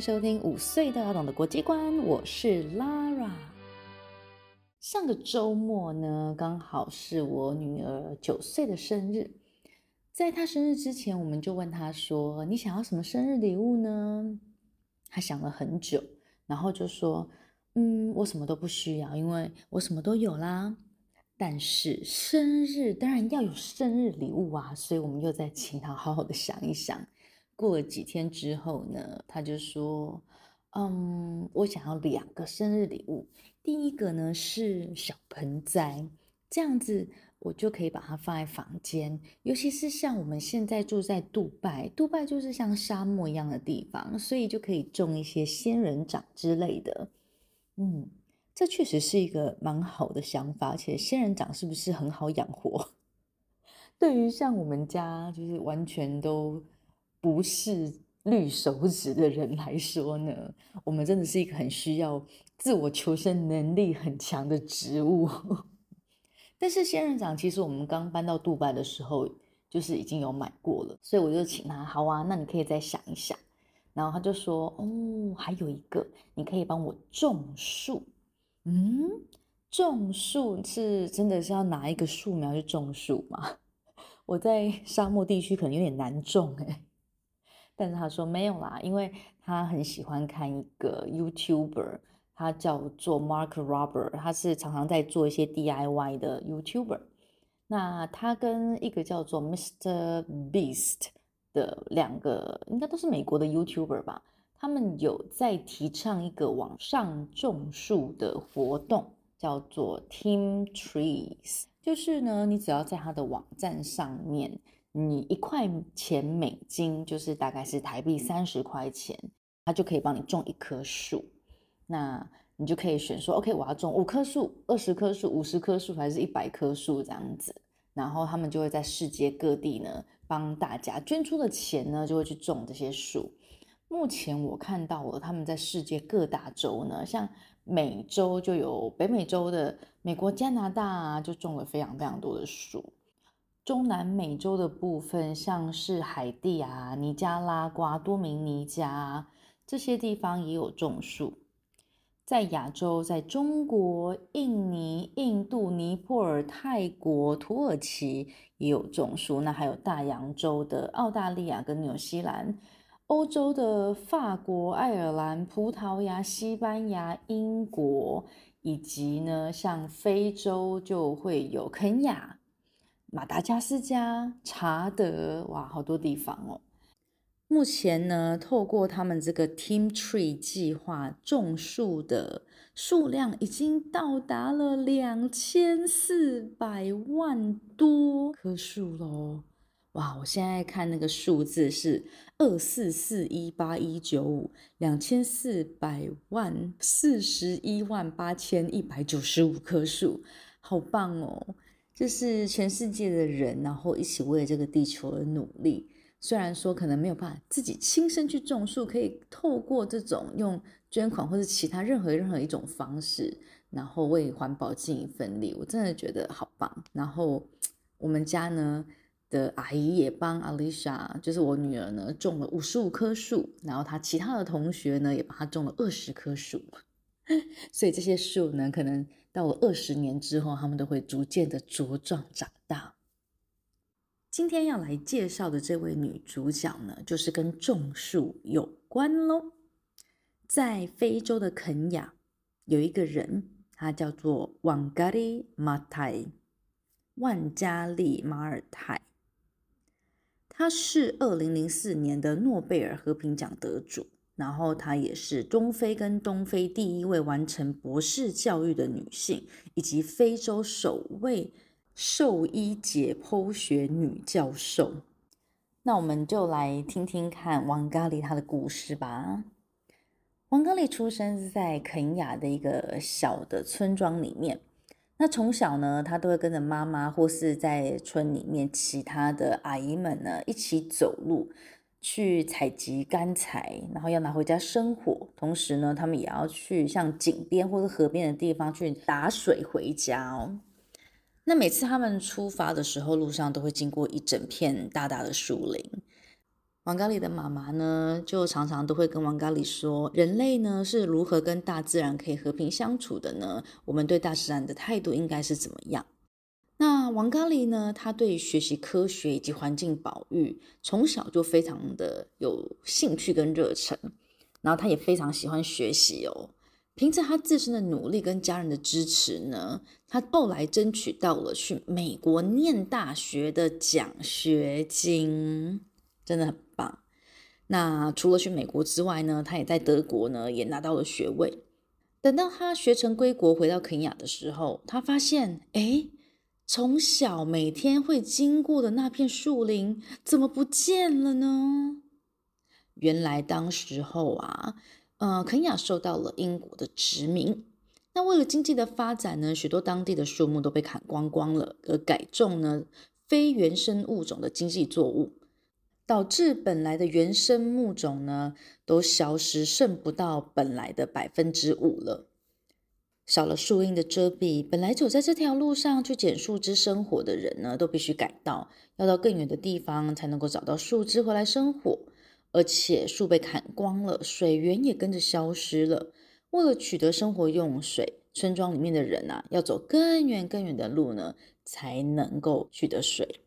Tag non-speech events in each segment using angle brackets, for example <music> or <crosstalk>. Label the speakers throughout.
Speaker 1: 收聽五歲都要懂的國際觀，我是 Lara。上個週末呢，剛好是我女兒九歲的生日。在她生日之前，我們就問她說：“你想要什麼生日禮物呢？”她想了很久，然後就說：“嗯，我什麼都不需要，因為我什麼都有啦。”但是生日當然要有生日禮物啊，所以我們又再請她好好的想一想。過了幾天之後呢，他就說：“嗯，我想要兩個生日禮物。第一個呢是小盆栽，這樣子我就可以把它放在房間。尤其是像我們現在住在杜拜，杜拜就是像沙漠一樣的地方，所以就可以種一些仙人掌之類的。嗯，這確實是一個蠻好的想法。而且仙人掌是不是很好養活？對於像我們家，就是完全都。”不是綠手指的人來說呢，我們真的是一個很需要自我求生能力很強的植物。 <laughs> 但是仙人掌，其實我們剛搬到杜拜的時候，就是已經有買過了，所以我就請他，好啊，那你可以再想一想。然後他就說，哦，還有一個，你可以幫我種樹。嗯，種樹是真的是要拿一個樹苗去種樹嗎？我在沙漠地區可能有點難種，欸，誒但是他說沒有啦，因為他很喜歡看一個 YouTuber，他叫做 Mark Rober，他是常常在做一些 DIY 的 YouTuber。那他跟一個叫做 Mr. Beast 的兩個，應該都是美國的 YouTuber 吧？他們有在提倡一個網上種樹的活動，叫做 Team Trees，就是呢，你只要在他的網站上面。你一塊錢美金，就是大概是台幣三十塊錢，它就可以幫你種一棵樹。那你就可以選說，OK，我要種五棵樹、二十棵樹、五十棵樹，還是一百棵樹這樣子。然後他們就會在世界各地呢，幫大家捐出的錢呢，就會去種這些樹。目前我看到了，他們在世界各大洲呢，像美洲就有北美洲的美國、加拿大，啊，就種了非常非常多的樹。中南美洲的部分，像是海地啊、尼加拉瓜、多明尼加這些地方也有種樹。在亞洲，在中國、印尼、印度、尼泊爾、泰國、土耳其也有種樹。那還有大洋洲的澳大利亞跟紐西蘭，歐洲的法國、愛爾蘭、葡萄牙、西班牙、英國，以及呢，像非洲就會有肯亞。馬達加斯加、查德，哇，好多地方哦！目前呢，透過他們這個 Team Tree 計劃種樹的數量已經到達了兩千四百萬多棵樹嘍！哇，我現在看那個數字是二四四一八一九五，兩千四百萬四十一萬八千一百九十五棵樹，好棒哦！就是全世界的人，然後一起為這個地球而努力。雖然說可能沒有辦法自己親身去種樹，可以透過這種用捐款或者其他任何任何一種方式，然後為環保盡一份力，我真的覺得好棒。然後我們家呢的阿姨也幫 Alisha，就是我女兒呢，種了五十五棵樹。然後她其他的同學呢也幫她種了二十棵樹。 <laughs> 所以這些樹呢，可能。到了二十年之後，他們都會逐漸的茁壯長大。今天要來介紹的這位女主角呢，就是跟種樹有關嘍。在非洲的肯亞，有一個人，他叫做旺加利馬泰，萬加利馬爾泰，他是二零零四年的諾貝爾和平獎得主。然後她也是東非跟東非第一位完成博士教育的女性，以及非洲首位獸醫解剖學女教授。那我們就來聽聽看 Wangari 她的故事吧。Wangari 出生在肯亞的一個小的村莊裡面，那從小呢，她都會跟着媽媽或是在村裡面其他的阿姨們呢一起走路。去採集乾柴，然後要拿回家生火。同時呢，他們也要去像井邊或者河邊的地方去打水回家哦。 <noise> 那每次他們出發的時候，路上都會經過一整片大大的樹林。Wangari 的媽媽呢，就常常都會跟 Wangari 說，人類呢是如何跟大自然可以和平相處的呢？我們對大自然的態度應該是怎麼樣？Wangari 呢，他對學習科學以及環境保育從小就非常的有興趣跟熱忱，然後他也非常喜歡學習哦。憑着他自身的努力跟家人的支持呢，他後來爭取到了去美國念大學的獎學金，真的很棒。那除了去美國之外呢，他也在德國呢也拿到了學位。等到他學成歸國回到肯亞的時候，他發現，哎。從小每天會經過的那片樹林怎麼不見了呢？原來當時候啊，呃，肯亞受到了英國的殖民，那為了經濟的發展呢，許多當地的樹木都被砍光光了，而改種呢非原生物種的經濟作物，導致本來的原生物種呢都消失，剩不到本來的百分之五了。少了樹蔭的遮蔽，本來走在這條路上去撿樹枝生火的人呢，都必須改道，要到更遠的地方才能夠找到樹枝回來生火。而且樹被砍光了，水源也跟着消失了。為了取得生活用水，村莊裡面的人啊，要走更遠更遠的路呢，才能夠取得水。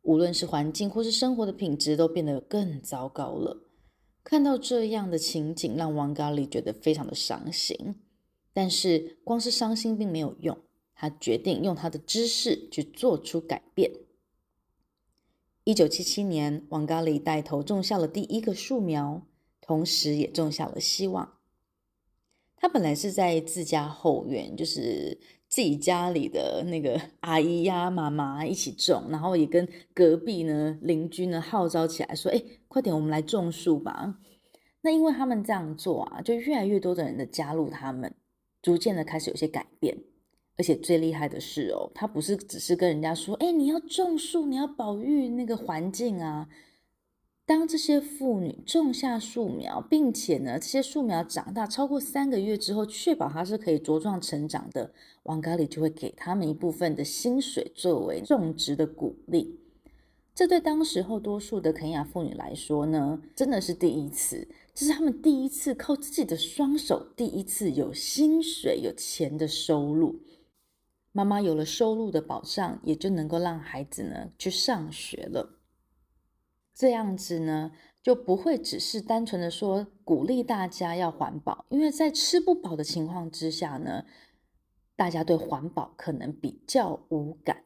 Speaker 1: 無論是環境或是生活的品質，都變得更糟糕了。看到這樣的情景，讓王嘎利覺得非常的傷心。但是光是傷心並沒有用，他決定用他的知識去做出改變。一九七七年，王咖喱帶頭種下了第一個樹苗，同時也種下了希望。他本來是在自家後院，就是自己家裡的那個阿姨呀、媽媽一起種，然後也跟隔壁呢、鄰居呢號召起來說：“哎、欸，快點，我們來種樹吧！”那因為他們這樣做啊，就越來越多的人的加入他們。逐漸的開始有些改變，而且最厲害的是哦，他不是只是跟人家說，哎、欸，你要種樹，你要保育那個環境啊。當這些婦女種下樹苗，並且呢，這些樹苗長大超過三個月之後，確保它是可以茁壯成長的，王嘎里就會給他們一部分的薪水作為種植的鼓勵。這對當時候多數的肯亞婦女來說呢，真的是第一次。這是他們第一次靠自己的雙手，第一次有薪水，有錢的收入。媽媽有了收入的保障，也就能夠讓孩子呢去上學了。這樣子呢，就不會只是單純的說鼓勵大家要環保，因為在吃不飽的情況之下呢，大家對環保可能比較無感。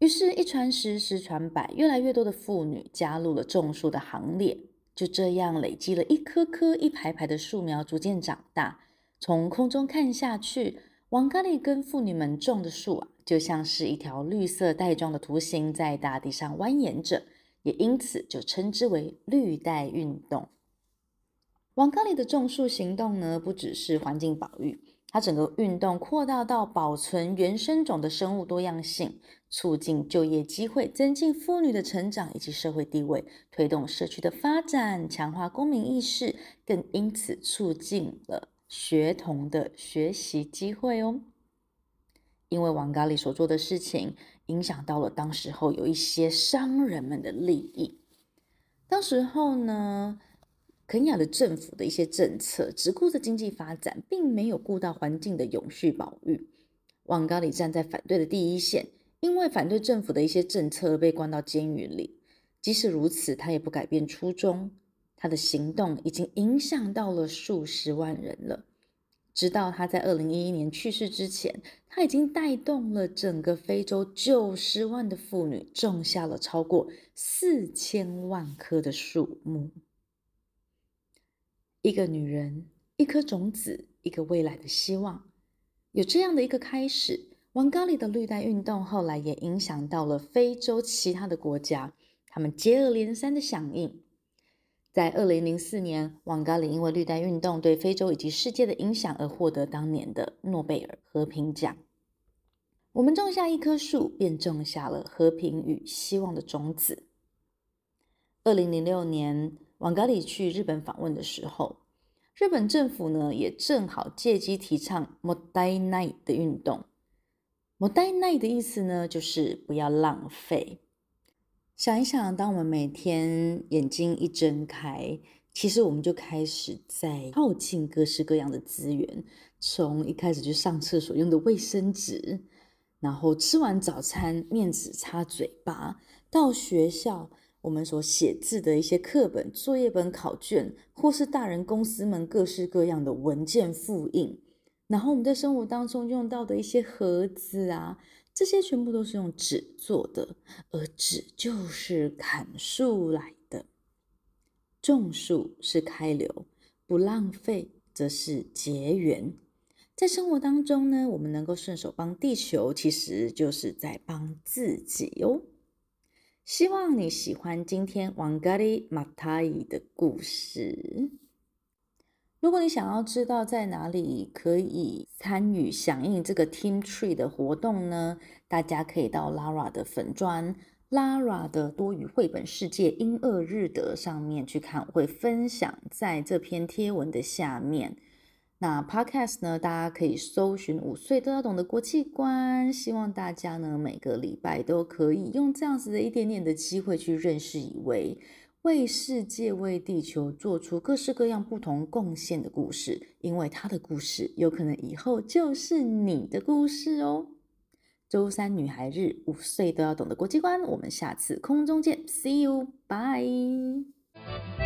Speaker 1: 於是，一傳十，十傳百，越來越多的婦女加入了種樹的行列。就這樣累積了一棵棵、一排排的樹苗，逐漸長大。從空中看下去，王嘎利跟婦女們種的樹啊，就像是一條綠色帶狀的圖形在大地上蜿蜒着，也因此就稱之為“綠帶運動”。王嘎利的種樹行動呢，不只是環境保育。把整個運動擴大到保存原生種的生物多樣性，促進就業機會，增進婦女的成長以及社會地位，推動社區的發展，強化公民意識，更因此促進了學童的學習機會哦。因為 Wangari 所做的事情，影響到了當時候有一些商人們的利益。當時候呢，肯亞的政府的一些政策只顧着經濟發展，並沒有顧到環境的永續保育。旺高里站在反對的第一線，因為反對政府的一些政策而被關到監獄裡。即使如此，他也不改變初衷。他的行動已經影響到了數十萬人了。直到他在二零一一年去世之前，他已經帶動了整個非洲九十萬的婦女種下了超過四千萬棵的樹木。一個女人，一顆種子，一個未來的希望，有這樣的一個開始。王嘎里的綠帶運動後來也影響到了非洲其他的國家，他們接二連三的響應。在二零零四年，王嘎里因為綠帶運動對非洲以及世界的影響而獲得當年的諾貝爾和平獎。我們種下一棵樹，便種下了和平與希望的種子。二零零六年，Wangari 去日本訪問的時候，日本政府呢也正好借機提倡 mottainai 的運動。mottainai 的意思呢就是不要浪費。想一想，當我們每天眼睛一睜開，其實我們就開始在耗盡各式各樣的資源。從一開始就上廁所用的衛生紙，然後吃完早餐面紙擦嘴巴，到學校。我們所寫字的一些課本、作業本、考卷，或是大人公司們各式各樣的文件複印，然後我們在生活當中用到的一些盒子啊，這些全部都是用紙做的，而紙就是砍樹來的。種樹是開流，不浪費則是節流。在生活當中呢，我們能夠順手幫地球，其實就是在幫自己喲、哦。希望你喜歡今天王嘎利馬泰的故事。如果你想要知道在哪裡可以參與響應這個 Team Tree 的活動呢？大家可以到 Lara 的粉專 “Lara 的多語繪本世界英鄂日德”上面去看，我會分享在這篇貼文的下面。那 Podcast 呢？大家可以搜尋五歲都要懂的國際觀，希望大家呢，每個禮拜都可以用這樣子的一點點的機會去認識一位為，為世界、為地球做出各式各樣不同貢獻的故事，因為他的故事有可能以後就是你的故事哦。週三女孩日，五歲都要懂的國際觀，我們下次空中見，See you，bye。